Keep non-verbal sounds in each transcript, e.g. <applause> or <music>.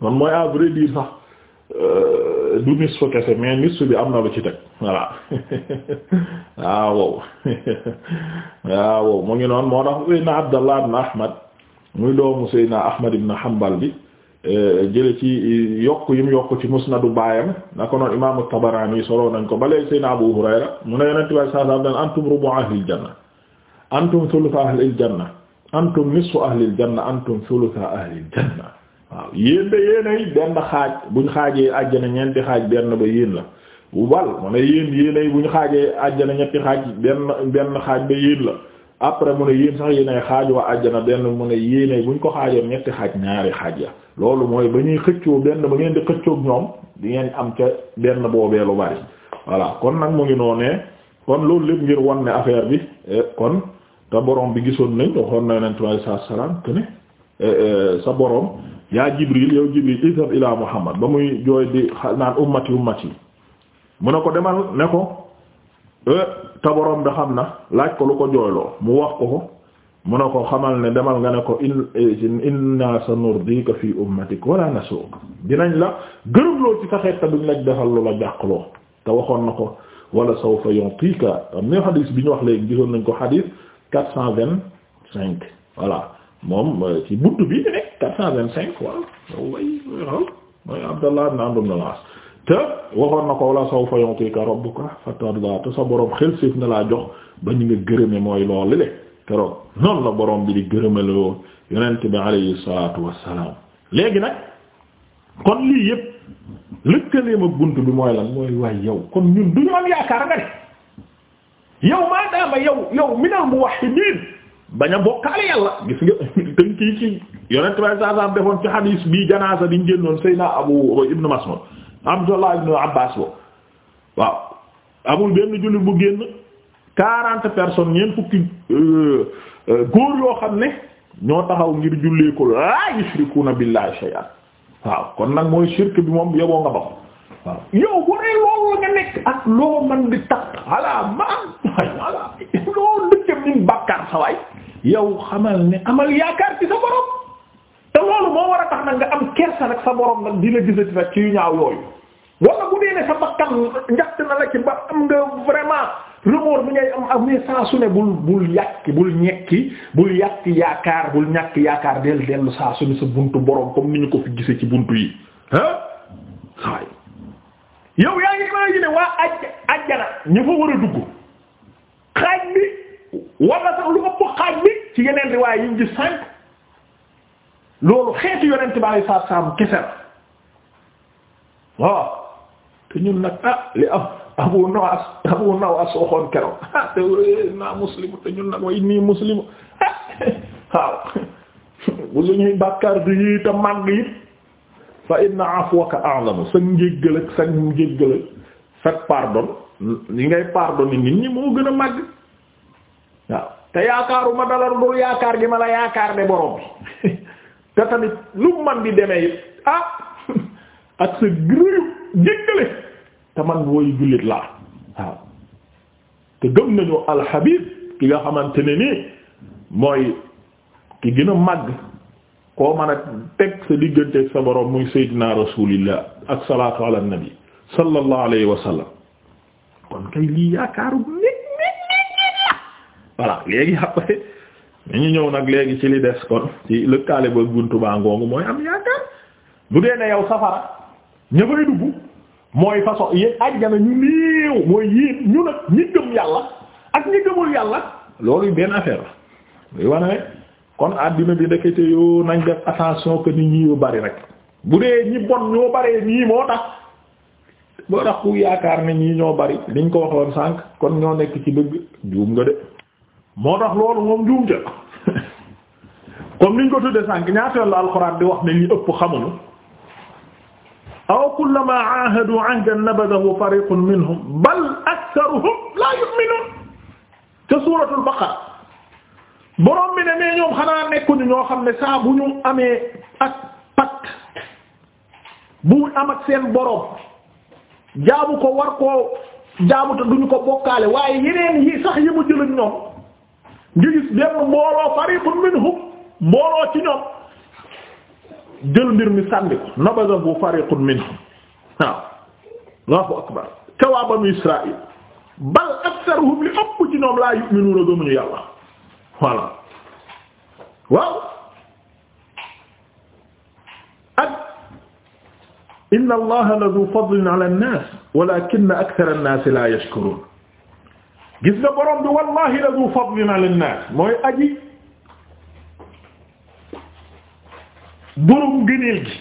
man mooy à vrai dire sax euh, du nisfu kese mais nisfu bi am na lu ci teg voilà <laughs> ah, waaw <laughs> ah, waaw mu ngi noon moo tax Seydina Abdallah ibn Ahmad muy doomu Seydina Ahmad ibn Hanbal bi euh, jële ci yokk yim yokk ci musnadu baayam na ko noonu imaamu Tabarani soloo nañ ko balee Seydina Abu Hurayra mu ne Yonent bi sallallahu alayhi wasallam dan antum rubu ahlil janna antum thulutha ahlil janna antum nisfu ahlil janna antum thulutha ahlil janna waaw yéen de yéenay benn xaaj buñ xaajee àjjana ñeenti xaaj benn ba yéen la wal mu ne yéen yéenay buñ xaajee àjjana ñetti xaaj benn benn xaaj ba yéen la après mu ne yéen sax yéenay xaaj wa àjjana benn mu ne yéenay buñ ko xaajoon ñetti xaaj ñaari xaaj ya loolu mooy ba ñuy xëccoo benn ba ngeen di xëccoog ñoom di ngeen am ca benn boobee lu bari voilà kon nag mu ngi noonee kon loolu lépp ngir won ne affaire bi eh, kon te borom bi gisoon nañ waxoon na yonent bi Eh, eh, sa borom yaa jibril yow jibril isab ila muhammad ba muy jooy di naan ummati ummati mu ne ko demal ne ko eh, ta borom da xam na laaj ko lu ko jooyloo mu wax ko ko mu ne ko xamal ne demal nga ne ko in inna sanurdika fi ummatik wala nasuk dinañ la gërëmloo ci sa xeet te duñ la defal lu la jàqloo te waxoon na ko wala sawfa yutika am na xadis bi ñu wax léegi gisoon nañ ko xadis quatre cent vingt cinq voilà moom ci buntu bi di nekk quatre cent vingt cinq waaw yow way way xal mooy Abdallah ibn as te waxoon na ko wala sawfa yu'tika rabbuka fatarda te sa borom xel séef na laa jox ba ñu nga gërëme mooy loolu le keroog noonu la borom bi di gërëma yonent bi léegi nag kon lii yëpp bi mooy yow kon yow yow yow minal bañ a bokkaale yàlla gis nga tënk kii ci yonent bay saasaam defoon ci xadiis bii janaasa diñ génnoon Seydina Abu Ibnu Mas'ud Abdullah ibnu Abbas bo waaw amul benn jullit bu génn quarante personnes ñeent fukki euh, euh, góor yoo xam ne ñoo taxaw ngir jullee ko laa yushrikuuna billahi shay'an waaw kon nag mooy shirk bi moom yoboo nga ba ko waaw yow bu loolu nga nekk ak loo man di tax ala ma am waay voilà loo dëkkam nin bàkkaar sawaay yow xamal ne amal yaakaar ci sa borom te loolu moo war a tax nag nga am kersa nag sa borom nag di la gisati nag ci yu ñaaw yooyu wala bu dee ne sa bakkan njaxt na la ci ba am nga vraiment remor bi ngay am am saa su ne bul bul yàkki bul ñekki bul yàkki yaakaar bul ñàkk yaakaar del dellu saa su ne sa buntu borom comme ni ñu ko fi gise ci buntu yi ah yow yaa ngi imaginer waa ajj ajjana ñu fa war a dugg xaaj bi wala sax lu ëpp xaaj bi ci yeneen riwaay yi ñu gis sànq loolu xeetu yonent bi alayhi salaatu salaam kese la waaw te ñun nag ah li am Abu Nawas Abu Nawas waxoon keroog ah te naa muslimu te ñun nag way nii muslimu ah, waaw bu suñuy bàkkaar du yi te màgg yi fa inna afwaka a'lamu sa njéggal ak sa njéggal ak pardon li ngay pardon nit ñi moo gën a màgg waaw te yaakaaruma dara dul yaakaar gi ma la yaakaar ne borom bi <laughs> te tamit lu man di demee ah, <laughs> ak sa gréyu jéggale te man wooyu jullit laa waaw te gëm nañu alxabib ki nga xamante ne nii mooy ki gën a màgg koo mën a teg sa diggante sa borom muy sayyidina rasulillah ak salaatu ala nabi sallallahu alayhi wa sallam kon kay lii yaakaaru voilà léegi après ñu ñëw nag léegi ci li des kon ci lëkkaale ba guntu baa ngoongu mooy am yaakaar bu dee ne yow safara ña fay dugg mooy façon yéen àjjana ñu néew mooy yéen ñu nag ñi gëm yàlla ak ñi gëmul yàlla loolu benn affaire la luy àddina bi ndekete yoo nañ def bari rek bu dee ñi bon ñoo baree ñii moo tax boo tax ku yaakaar na ñii ñoo bari liñ ko waxoon sànq kon ñoo nekk ci dëgg juum nga de moo tax loolu moom njuumte comme niñ ko tudde sànq ñaata la alxuraan di wax ne ñu ëpp xamuñu aw kullama ahadu ahdan nabadahu fariqun minhum ñoo xam ne saa bu ñu amee ak pacte bu am ak seen borom jaamu ko war koo jaamu duñu ko bokkaale waaye yeneen yi sax yi mu ñoom nga gis benn mbooloo fariqun minhum mbooloo ci ñoom jël mbir mi sànni ko nabadahu fariqun minhum waaw allahu akbar kawaa banu israil bal aktharuhum li ëpp ci ñoom laa yu'minuuna gëmuñu yàlla voilà waaw ak inna allaha la du fadlin ala an-nas walakinna akthara an-nas la yashkurun gis nga borom bi wallahi la du fadlin ala nas mooy aji borom gëneel gi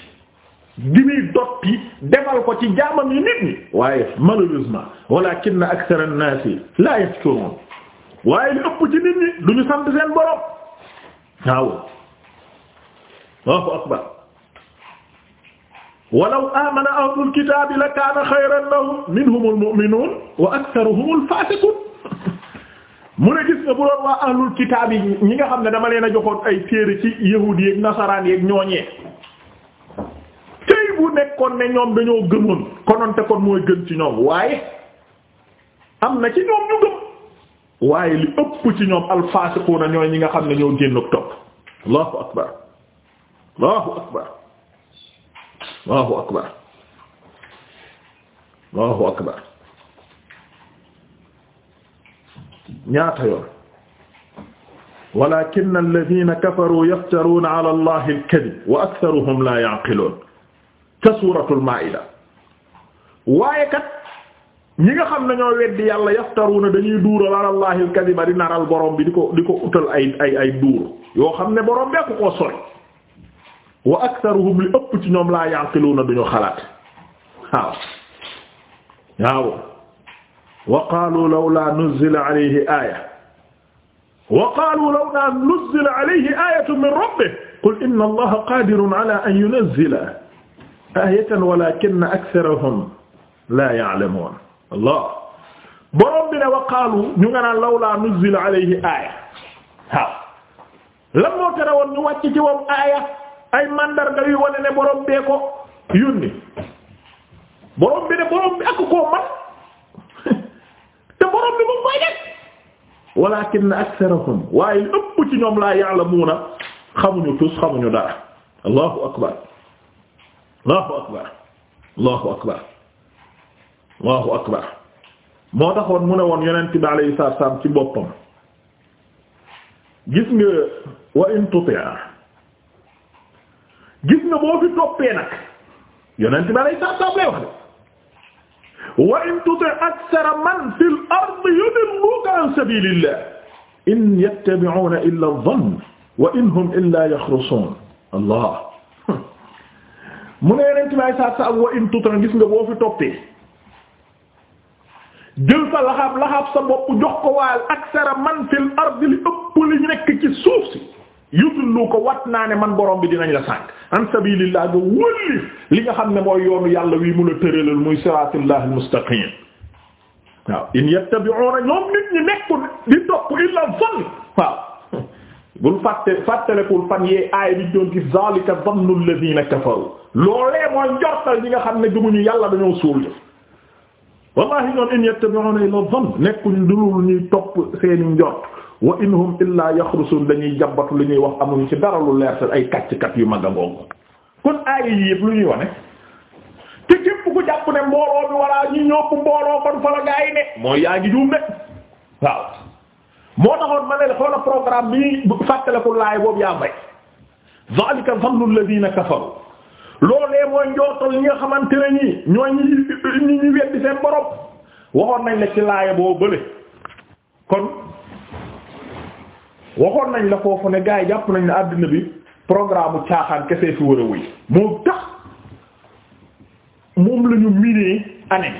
gi muy dotti defal ko ci jaamam yi nit ñi waaye malheureusement walakin akthar an-nas la yashkurun waaye li ëpp ci nit ñi du ñu sant seen borom waaw Allahu akbar walaw amana ahlul kitabi la kana khayran lahum minhumul mu'minun wa aktharuhumul fasiqun mu ne gis nga bu doon waa ahlul kitaab yi ñi nga xam ne dama leen a joxoon ay téere ci yahuud yeek nasaraan yeek ñooñee tey bu nekkoon ne ñoom dañoo gëmoon kononte kon mooy gën ci ñoom waaye am na ci ñoom ñu gëm ci ñoom alfaasiquuna ñooy nga xam ne ñoo génn topp allahu akbar allahu akbar allahu akbar allahu akbar ñaata yoon walakin alladina kafaru yaftaruuna ala allahi alkadib wa aktharuhum la ya'qiluun ca suuratul maa'ida waaye kat ñi nga xam ne ñoo weddi yàlla yaftaruuna dañuy duural ala allahi alkadiba di naral borom bi di ko di ko utal ay ay ay duur yoo xam ne borom bee ko koo sori wa aktharuhum li ëpp ci ñoom laa ya'qiluuna duñu xalaat waaw waaw wa qaalu lawlaa nuzzila alayhi aaya wa qaalu lawlaa nuzzila alayhi aayatun min rabbih qul inna allaha qaadirun ala an yunazzila aayatan walaakinna aktharahum laa ya'lamuun allah borom bi ne wa qaalu ñu nga naan lawlaa nuzzila alayhi aaya waaw lan moo tere woon ñu wàcc ci woon aaya ay mandarga yu wane ne borom bee ko yónni borom bi ne borom bi ak koo man borom bi mu ngi koy def walakin aktharahum waaye ëpp ci ñoom laa ya'lamuuna tus xamuñu dara allahu akbar allahu akbar moo taxoon mu ne woon yonent bi alayhi salaatu salaam ci boppam gis nga wa in tuti'a gis nga boo fi toppee nag wax wa in tuti' akthara man fil ardi yudilluka an sabilillah in yattabi'una illa dhanna wa in hum illa yakhrusun allah mu ne yeneen ci may saat sa am wa in tuti' gis nga boo fi toppee jël sa laxaab laxaab sa bopp jox ko waal akthara man fil ardi li ëpp li nekk ci suuf si yudullu ko wat naa ne man borom bi dinañ la sànk an sabilillah nga li nga xam ne mooy yoonu yàlla wi mu la tëralal muy siratullahi almustaqim waaw in yattabi'una ñoom nit ñi nekkul di topp illa zann waaw bul fàtte fàttalekul fan yee aay bi doon ci zalika zannu alladhina kafaru loolee mooy njortal ñi nga xam ne gëmuñu yàlla dañoo suul jëf wallahi ñoom in yattabi'una illa topp seeni njort wa inhum illaa yaxrusun dañuy jàmbatu li ñuy wax amuñ ci dara lu leer sa ay kàcc-kat yu mag a ngoogu kon aaya yi yëpp lu ñuy wane te képp ku jàpp mbooloo bi walla ñu ñëpp mbooloo kon fa la gaa mooy yaa ngi juum de waaw moo taxoon ma ne xoola programme bi fàttale ko laay boobu yaa bay zalika zannu alladhina kafaru loolee mooy njootal ñi nga xamante ne ñii ñooy ñi ñi ñu weddi waxoon nañ la ci laaya boo bële waxoon nañ la foofu ne gars yi jàpp nañ ne àddina bi programme caaxaan kese fi war a wéy moo tax moom lañu ñu minee année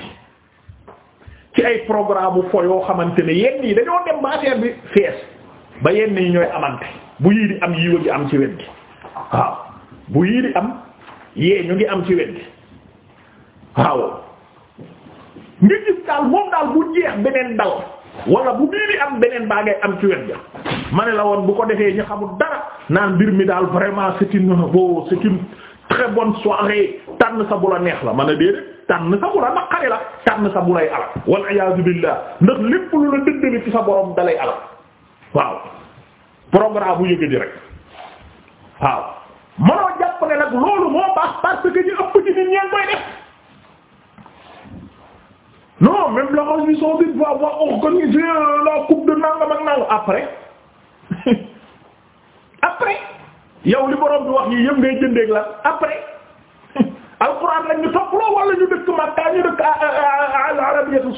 ci ay programme fo yoo xamante ne yenn yi dañoo dem ba affaire bi fees ba yenn yi ñooy amante bu yii di am yiwa gi am ci wet gi waaw bu yii di am yee ñu ngi am ci wet gi waaw nga gis daal moom daal bu jeex beneen dal wala bu bii bi am beneen baa ngay am ci wet ja ma ne la woon bu ko defee ñu xamul dara naan mbir mi daal vraiment c'est une bo c'est une soirée tànn sa bu la neex la ma ne déedéet tànn sa bu la naqari la tànn sa bu lay alal wal iyaazu billah la dëndale ci sa borom dalay alal waaw programme bu di rek waaw mënoo jàpp ne nag loolu moo baax parce que ëpp ci nit ñeen koy def non même la transmission bi va va organiser euh, la coupe de nangam ak nangam après <laughs> après yow li borom bi wax yi yëpp ngay jëndee ak lan après <laughs> alxuraan lañ ñu toppaloo wala ñu dëkk Makka ñu dëkk euh, euh, al arabiyatu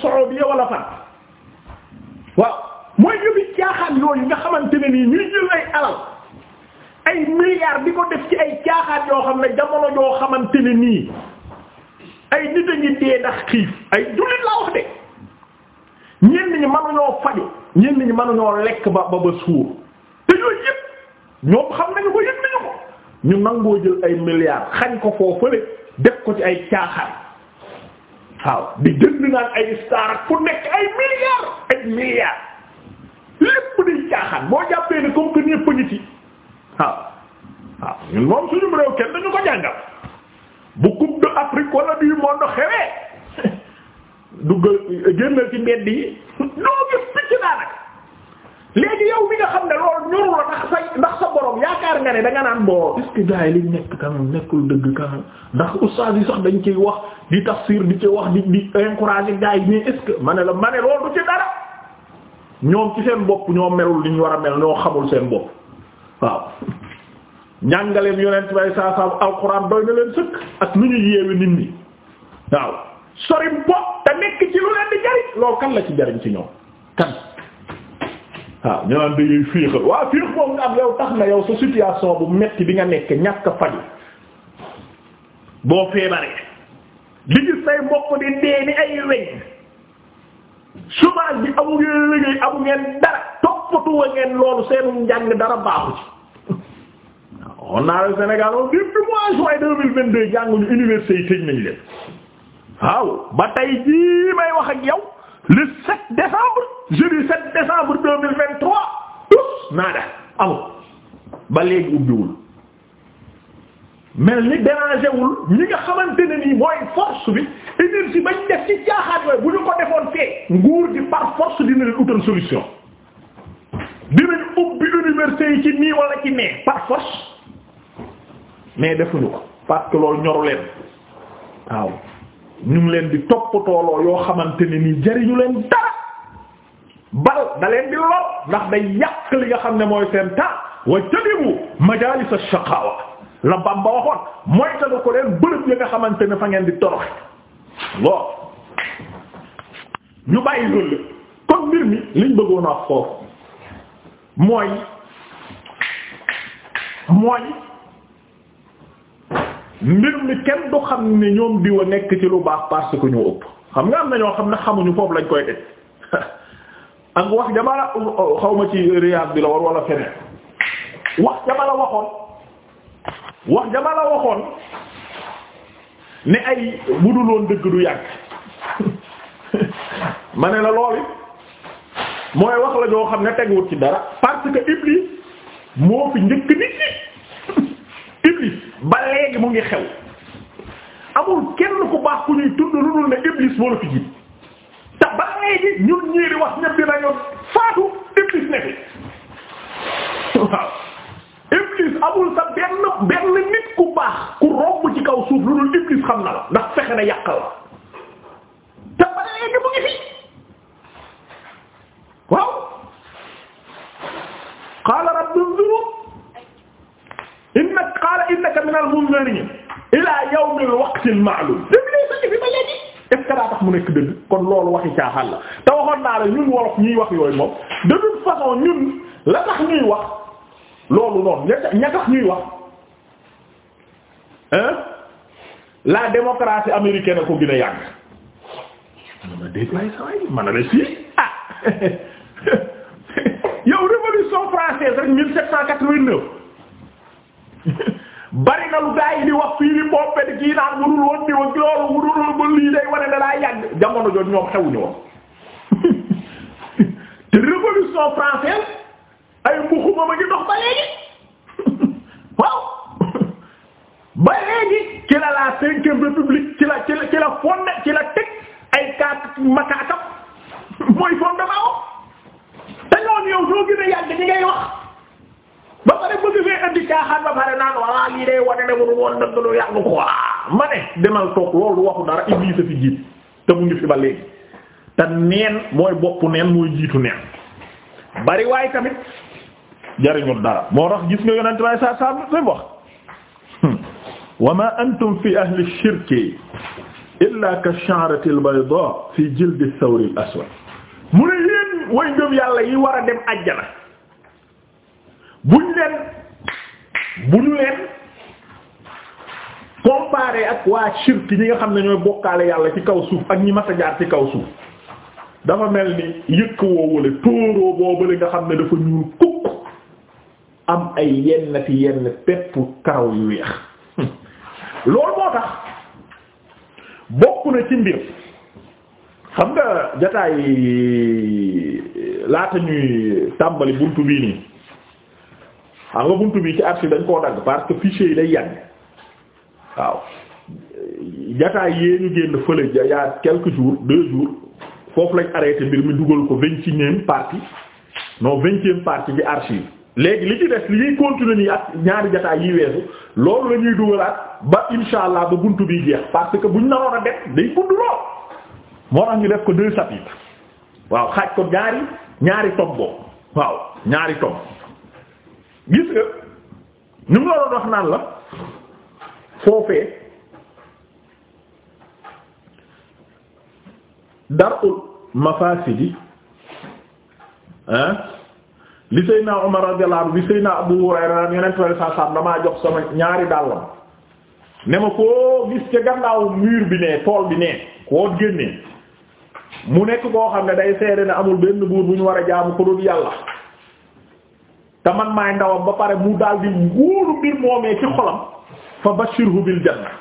nga xamante ne nii ñuy jël ay alal ay milliards di ko def ci ay caaxaan yoo xam ne jamono yoo xamante ne nii. ay nit a ngi dee ndax xiif ay jullit laa wax de ñenn ñi mënuñoo faju ñenn ñi mënuñoo lekk ba ba suur te yooyu yëpp ñoom xam nañu ko yëpp nañu ko ñu nangoo jël ay milliards xañ ko foofale def ko ci ay caaxaan waaw di jënd naan ay star ku nekk ay milliards ay milliards lépp di caaxaan boo jàppee ni comme que a ngi ci waaw waaw ñun moom suñu réew kenn dañu ko jàngal bu Afrique wala du monde xewee duggal génnal ci mbedd yi noo gis picc daanaka léegi yow mi nga xam ne loolu ñorul la ndax sa ndax sa borom yaakaar nga ne da naan boo est-ce que gars yi liñ nekk kanam nekkul dëgg kanam ndax ustaas yi sax dañ ciy wax di tax tafsir di ci wax di di encourager gars mais est-ce la ma ne loolu du ci dara ñoom ci seen bopp ñoo melul li ñu war a mel ñoo xamul seen bopp waaw njàngaleem yonent bay saa saa alxuraan doy na leen sëkk ak lu ñu yeewi nit ñi waaw sori bo te nekk ci lu leen di jariñ loolu kan la ci jariñ ci ñoom kan waaw ñu naan dañuy féexal waaw féex moom nga am yow tax na yow sa situation bu metti bi nga nekk ñàkk faju boo feebaree li gis say mbokk di dee ni ay weñ chômage bi amu ngeen liggéey amu ngeen dara toppatuwa ngeen loolu seenu njàng dara baaxu ci on naa le Sénégal on depuis mois juin deux mille vingt deux jànguñu université yi tëj nañ leen waaw ba tey jii may wax ak yow le sept décembre jeudi sept décembre deux mille vingt trois tous naa def amul ba léegi ubbiwul mel ni dérangé wul ñi nga xamante ne nii mooy force bi énergie bañ def ci caaxaat yooyu bu ñu ko defoon fee nguur gi par dina leen utal solution dinañ ubbi université yi ci nii wala ci nee par mais defuñu ko parce loolu ñoru leen waaw ñu ngi leen di toppatooloo yoo xamante ne nii jariñu leen dara bal da leen di lor ndax da yàq li nga xam ne mooy seen ta wa janibu majalis ash-shaqawa la Bamba waxoon mooy ta ko leen bërëb yi nga xamante ne fa ngeen di toroxe lool ñu bàyyi loolu kon mbir mi liñ bëggoon a wax mooy mooy mbir mi kenn du xam ne ñoom diwa nekk ci lu baax parce que ñoo ëpp xam nga am na ñoo xam ne xamuñu foofu lañ koy def ak wax dama la xawma ci Riyad bi la war wala feneen wax dama la waxoon wax dama la waxoon ne ay bu dul woon dëgg du yàgg ma ne la loolu mooy wax la xam ne teguwut ci dara parce que Iblis moo fi njëkk nit ñi ba léegi mu ngi xew amul kenn ku baax ku ñuy tudd lu dul ne iblis moo la fi ji te ba léegi ñun ñii di wax ñëpp dinañu faatu iblis ne fi waaw iblis amul sa benn benn nit ku baax ku romb ci kaw suuf lu dul iblis xam na la ndax fexe na yàq la mu nekk dëgg kon loolu waxi caaxaan la te waxoon naa la ñun wolof ñuy wax yooyu moom de toute façon ñun la tax ñuy wax loolu noonu ña tax ñuy wax hein la démocratie américaine ko gën a yàgg ma dégg waaye saa yi ma ne la sii ah <laughs> yow révolution française rek 1789. bari na lu gaa yi di wax fii di pompe di kii naan wudul woon di wax loolu wudul woon ba wane ne daa yàgg jamono jooju ñoom xewuñu woon <laughs> te révolution française ay mbuxuma ma ngi dox ba léegi woon dëgg lu yàgg quoi ma ne demal toog loolu waxu dara Iblis fi jiit te mu ngi fi ba léegi te neen mooy boppu neen mooy jiitu neen bari waaye tamit jariñul dara moo tax gis nga yonent waaye saa saa fi wax hmm. wa ma antum fi ahli shirki illa ka sha'rati al fi jildi ath-thawr aswad mu ne yéen way ngëm yàlla yi war a dem àjjana buñ leen buñu leen comparé ak waa shirk ñi nga xam ne ñooy bokkaale yàlla ci kaw suuf ak ñi mas a ci kaw suuf dafa mel ni yëkk woo wala tóoroo boobale nga xam ne dafa ñuul kukk am ay yenn ti yenn pepp karaw yu weex <laughs> loolu moo tax bokk na ci mbir xam nga jataay laata ñuy tàmbali buntu bii nii xam nga buntu bii ci archive dañ koo dagg parce que fichier yi day yàgg waaw jataay yee ñu génn fële ja yaa quelques jours deux jours foofu lañ arrêté mbir mi dugal ko vingtième partie non vingtième partie bi archive léegi li ci des li ñuy continuer nii ak ñaari jataay yi weesu loolu la dugalaat ba insha allah ba buntu bi jeex parce que buñ naroon a def day gudd lool moo tax ñu def ko deux chapitres waaw xaaj ko ñaari ñaari tom boobu waaw ñaari tom gis nga ñu ngi doon wax naan la. foofee darul mafasidi ah li Seydina Umar radiyallahu anhu li Seydina Abu Hurayra ran yeneen tole sa sam damaa jox sama ñaari dàllam ne ma koo gis ca gannaaw mur bi ne tool bi ne koo génnee mu nekk koo xam ne day seede ne amul benn buur bu ñu war a jaamu ko dul yàlla te man maay ndawam ba pare mu daal di wóolu mbir moomee ci xolam fa bashirhu bil janna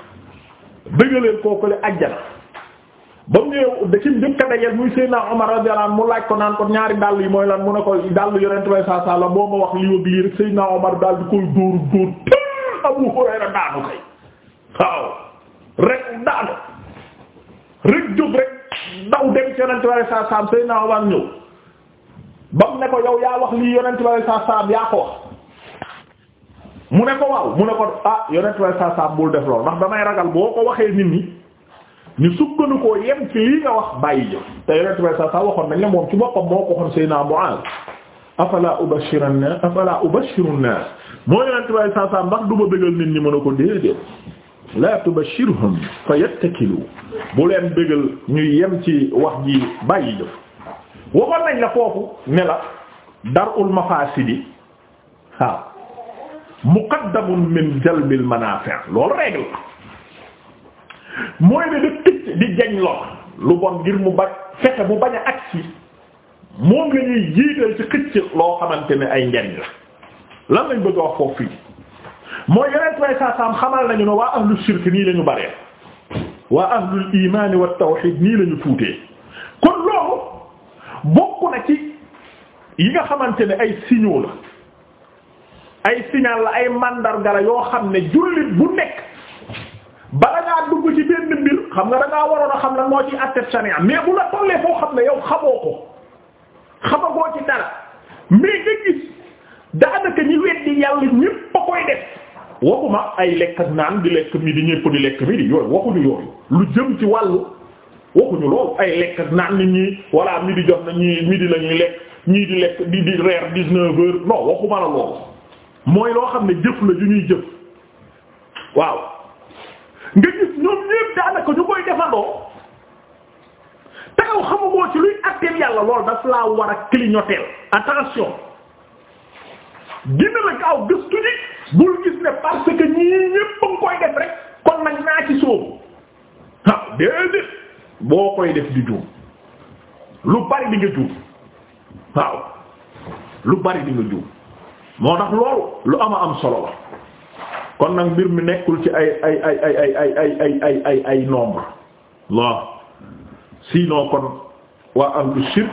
bëggaleel kooku le ajjana ba mu ñëwee da ci njëkk a dajeel muy Seydina Omar radiyallahu anhu mu laaj ko naan ko ñaari dàll yi mooy lan mu ne ko dàll yonent bay saa saa la boo ma wax lii ak lii rek Seydina Omar daal di koy dóor dóor teel Abu Hurayra daanu rek daanu rek jóg rek daw dem yonent bay saa saa Seydina Omar ñëw ba mu ne ko yow yaa wax lii yonent bay saa saa yaa ko mu ne ko waaw mu ne ko ah yonent saa saa bul def lool ndax damay ragal boo ko waxee nit ñi ñu sukkandu koo yem ci li nga wax bàyyi jëf te yonent saa saa waxoon nañ la moom ci boppam moo ko waxoon Seydina Mu'aaz afala ubashiru nnaas afala ubashiru nnaas moo yonent saa saa ndax du ma bëggal nit ñi mën a ko déedéet la tubashirhum fa yattakilu bu leen bëggal ñu yem ci wax ji bàyyi jëf waxoon nañ la foofu ne la darul mafaasidi waaw muqaddamun min jalbil manaafi' loolu règle mooy ne di ticc di jañ lor lu bon ngir mu ba fexe mu bañ ak agsi moom la ñuy jiital ci xëcc loo xamante ne ay njariñ la lan lañ bëgg a wax foofu fii mooy yeneen way sa saam xamal nañu ne waa ahlu shirk nii la ñu baree waa ahlul iman wa tawhid nii la ñu tuutee kon loolu bokk na ci yi nga xamante ne ay signaux la ay signal la ay mandarga yoo xam ne jullit bu nekk bala ngaa dugg ci benn mbir xam nga da waroon a xam lan moo ci àtte sharia mais bu la tollee foo xam ne yow xamoo ko xamagoo ci dara mais nga gis daanaka ñi weddi yàlla ñépp a koy def waxuma ay lekk naan di lekk midi ñépp di lekk midi yooyu waxuñu yooyu lu jëm ci wàllu waxuñu loolu ay lekk ak naan nit ñi walla midi jox na ñii midi lekk ñii di lekk di di reer dix-neuf waxuma la mooy loo xam ne jëf la ju ñuy jëf waaw nga gis ñoom ñépp daanaka ñu koy defandoo taxaw xamumoo ci luy àtteel yàlla lool daf laa war a clignoteel attention dina la gaaw gëstu ni bul gis ne parce que ñii ñépp a koy def rek kon nag naa ci sóobu waaw ah déedéet boo koy def di juum lu bari di nga juum waaw lu bari di nga juum moo tax loolu lu ama am solo kon nag mbir mi nekkul ci ay ay ay ay ay ay ay ay ay ay ay nombre waaw sinon kon waa ahlu shirk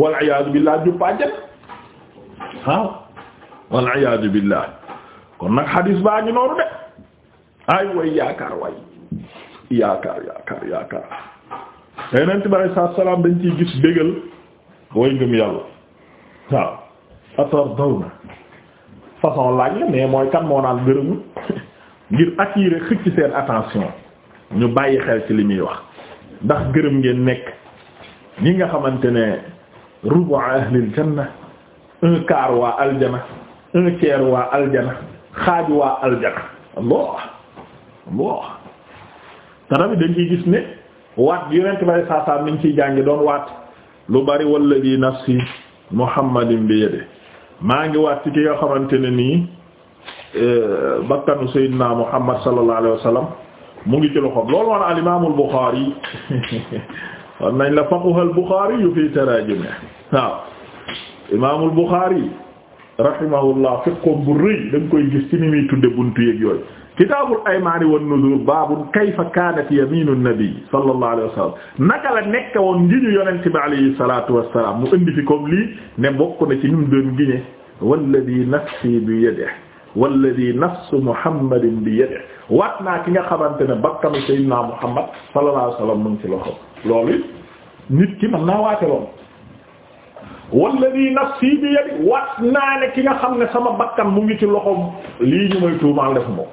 wal iyaadu billaah jubbaajan waaw wal iyaadu billaah kon nag xadiis baa ngi de ay way yaakaar way yaakaar yaakaar yaakaar yeneen bi alay salaam dañ ciy gis bégal way ngëm yàlla atardawna façon laaj la mais mooy kan moo naan gërëmut <laughs> ngir attirer xëcc seen attention ñu bàyyi xel ci li muy wax ndax gërëm ngeen nekk ñi nga xamante ne rubu ahlil janna un quart waa aljana un tiers waa aljana xaaj waa aljana Allah Allah te tamit dañ ciy gis ne waat bi yonent bay saasaam niñ ciy jàngi doon waat lu bari walladi nafsi muhammadin bi yadihi maa ngi waat ci ki nga xamante ne nii euh, bakkanu Seydina Muhammad sallallahu alayhi wa sallam mu ngi ci loxoom loolu woon al imaam al Buxaari <laughs> war nañ la faquhal Buxaari yu fi taraajim waaw imaamul Buxaari rahimahullah fiqhum bu rëy da nga koy gis ci ni muy tudde buntu yeeg yooyu kitaabul aymaani wan nuzur baabun kayfa kaanat yamiinu nabi sallallahu alayhi wa sallam naka la nekk woon ngiñu yonente bi alayhi salatu wassalam mu indi fi comme lii ne bokk na ci ñum doon ngiñe walladi nafsi bi yadihi walladi nafsu muhammadin bi yadihi waat naa ki nga xamante ne bakkami sayyidina muhammad sallallahu alayhi wa sallam mu ngi ci loxo loolu nit ki mën naa waate lool walladi nafsi bi yadi wat naa ne ki nga xam ne sama bakkan mu ngi ci loxoom lii ñu may tuumaal def moom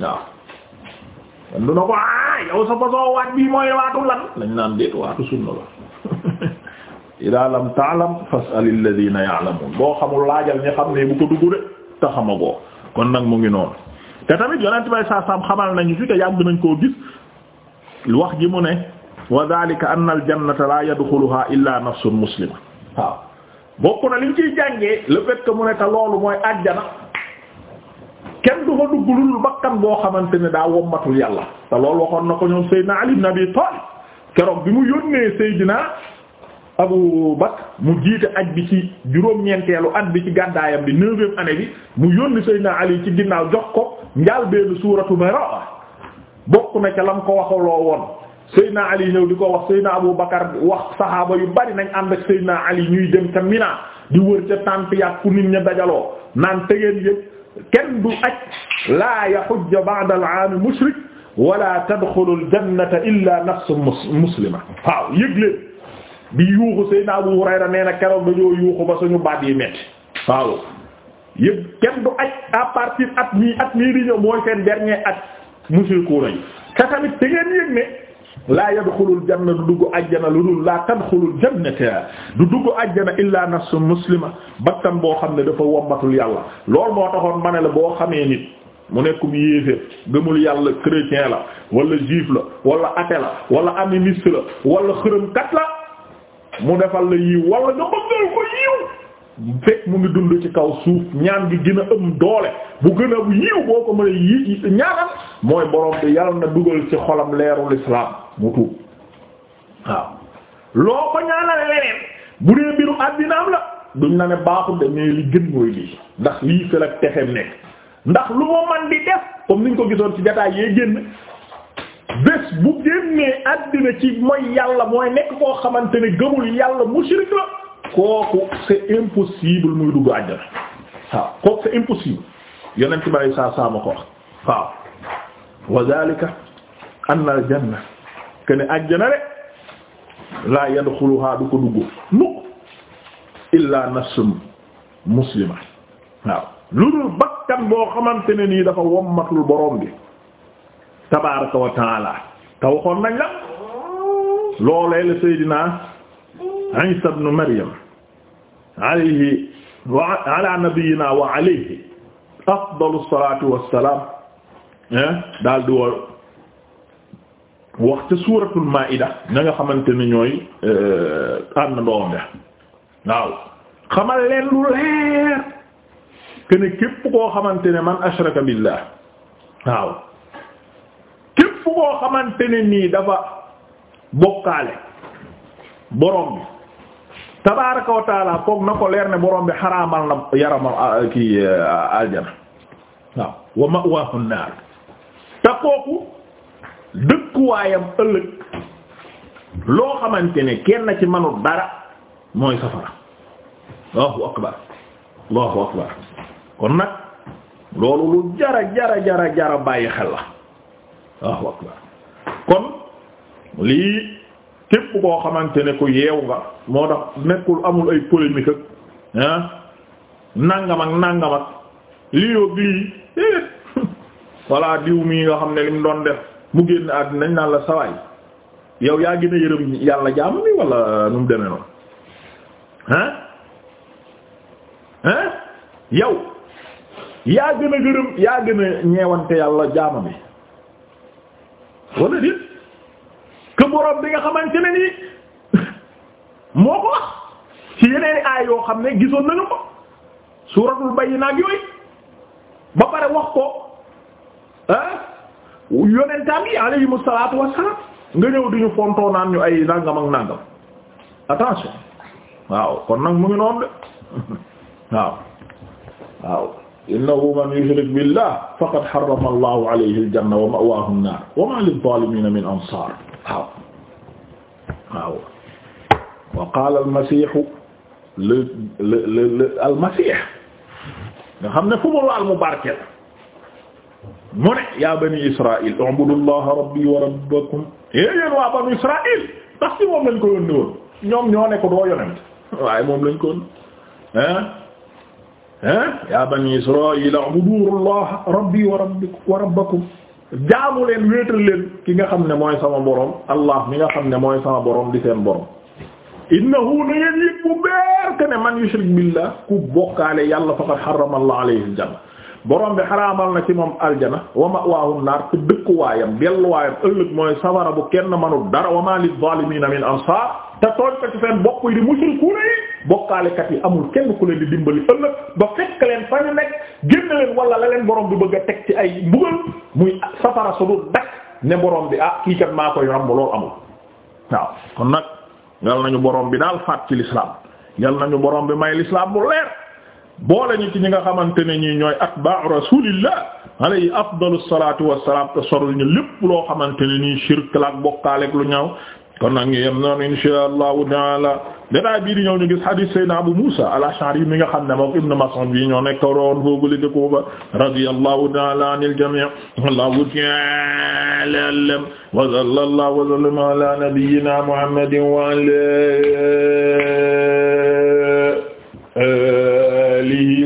waaw kon du na ko ah yow sa façon waat bii mooy waatu lan lañ naan déet waatu sunna la <laughs> ida lam taalam fasal alladina yaalamuun boo xamul laajal ñi xam ne bu ko dugg de te xamagoo kon nag mu ngi noonu te tamit yonent bay saa saam xamal nañu fi te yàgg nañ koo gis wax ji mu ne wa dalika anna al jannata la yadxuluha illa nafsun muslima waaw bokk na liñ ciy jàngee le fait mu ne te loolu mooy àjjana kenn du fa dugg lu bakkan boo xamante ne daa wommatul yàlla te loolu waxoon na ko ñoom Seydina Ali ibn Abi Talib keroog bi mu yónnee Seydina Abu Bakr mu jiite aj bi ci juróom-ñeenteelu at bi ci gàddaayam bi neuvième année bi mu yónni na Ali ci ginnaaw jox ko njaal benn suuratu Baraa bokk na ca lam ko waxuloo woon Seydina Ali ñëw di ko wax Seydina Abu Bakar wax saxaaba yu bari nañ ànd ak Seydina Ali ñuy dem ca Mina di wër ca tànt yàgg fu nit ña dajaloo naan tegeen yëpp kenn du aj laa yahujja ba'da al-aam al-jannata waaw yëg di yuuxu Seydina Abu Hurayra nee na baat yi metti waaw yëpp kenn du aj at mii mooy seen dernier at mushrikuuna yi te tamit te ne laa yadxulul janna du dugg ajjana lu dul laa tadxulul jannata du dugg ajjana illaa nafsun muslima bakkan boo xam ne dafa wombatul yàlla loolu moo taxoon ma ne la boo xamee nit mu nekkum yéeféer gëmul yàlla chrétien la walla juif la wala athée la wala animiste la wala xërëmkat la mu defal la yiw wala nga bëggal ko yiw fekk mu ngi dund ci kaw suuf ñaan gi gin a ëm doole bu gën a yiw boo ko mën a yi mooy borom bi yàlla na dugal ci xolam leerul islam mu tuub waaw loo ko ñaanal leneen bu dee mbiru àddinaam la duñ na ne baaxul de mais li gën mooy lii ndax lii fël ak texeem nekk ndax lu ma man di def comme niñ ko gisoon ci jotaay yee génn bés bu génnee àddina ci mooy yàlla mooy nekk koo xamante ne gëmul yàlla mushrik la kooku c'est impossible muy dugg àjjana waaw kooku c'est impossible yonent bi saa saa ma ko wax waaw wa zalika anna al janna que ne àjjana rek laa yadxuluha du ko dugg mukk illaa nafsun muslima waaw lu dul bakkan boo xamante ne nii dafa wommatul borom bi tabaaraka wa taala te waxoon nañ la loolee la Seydina Isa ibn Maryam alayhi wa ala nabiyyina wa alayhi afdalu salaatu wa salaam daal di woo wax ca suuratul maa'ida nga xamante ne ñooy euh, ànd ndoom de waaw xamal leen lu leer que ne képp koo xamante ne man ashraka billah waaw képp koo xamante ne nii dafa bokkaale borom bi tabaaraka wa taala foog na ko leer ne borom bi xaraamal na yaramam aljana waaw wa ma'waahu naar ta kooku dëkkuwaayam ëllëg loo xamante ne kenn ci manut dara mooy safara allahu akbar allahu akbar kon nag loolu lu jara jara jara jara bàyyi xel la allahu akbar kon lii képp koo xamante ne ku yeew nga moo tax nekkul amul ay polémique ak ah nangam ak nangam ak lii yóbbu lii voilà eh, <laughs> diw mii nga xam ne lim doon def. mu génn ak nañ naan la sawaay yow yaa gën a yërëm yàlla jaam mi wala euh, nu mu demee noonu ah ah yow yaa gën a gërëm yaa gën a ñeewante yàlla jaama mi wala dit que borom bi nga xamante ne nii <laughs> moo ko wax ci yeneen aay yoo xam ne gisoon nañu ko suuratul Bayyina ak yooyu ba pare wax ko ah yonentam yi alayhimu salaatu wassalaam nga ñëw di ñu fontoo naan ñu ay nangam ak nangam attention waaw kon nag mu ngi noonu de <laughs> waaw waaw innahu man yushrik billah faqad harrama allahu alayhi aljanna wa ma'waahu an-naar wa ma lil-zaalimiina min ansaar waaw waaw wa qaala al-masiihu le le le al-masiih nga xam ne fu mu laal mu barkeel mu ne yaa bani israil ubudullaha rabbi wa rabbakum é eh, yéen waa banu israil ndax ci moom lañ ko yónni woon ñoom ñoo ne ko waaye moom lañ ko woon ah ah yaa bani israil ubudullaha rabbi leen wéetal ki nga xam ne mooy sama borom allah mi nga xam ne mooy sama borom di seen borom innahu na ngeen yëg bu beer que ne man yushrik billah ku bokkaale yàlla faqad harrama allah alayhi aljanna borom bi xaraamal na ci moom aljana wa ma'waahu naar te dëkkuwaayam delluwaayam ëllëg mooy safara bu kenn mënul dara wa ma lil zaalimiina min ansaar te tooñ yi di ku leen di dimbali ëllëg ba fekk leen fa la leen borom bi bëgg a teg ci ay mbugal muy safara su dul dakk ne borom bi ah kii kat maa koy ramb loolu amul waaw kon nag yal nañu borom bi daal faat ci l'islam yal nañu borom bi may l'islam bu leer. boole ñu ci ñi nga xamante ne ñii ñooy atba'u rasulillah alayhi afdalu salatu wassalam te sorul ñu lépp loo xamante ni nii shirk la ak bokkaale lu ñaaw kon nag ñu yem noonu insha taala danaay bii di ñëw ñu gis hadith sayna abu musa al-ash'ari mi nga xam ne moom ibn mas'ud bi ñoo nekk roon foofule de Kuufa radiyallahu taala anil jami' wallahu ta'ala a'lam wa sallallahu wa sallama ala nabiyyina muhammadin wa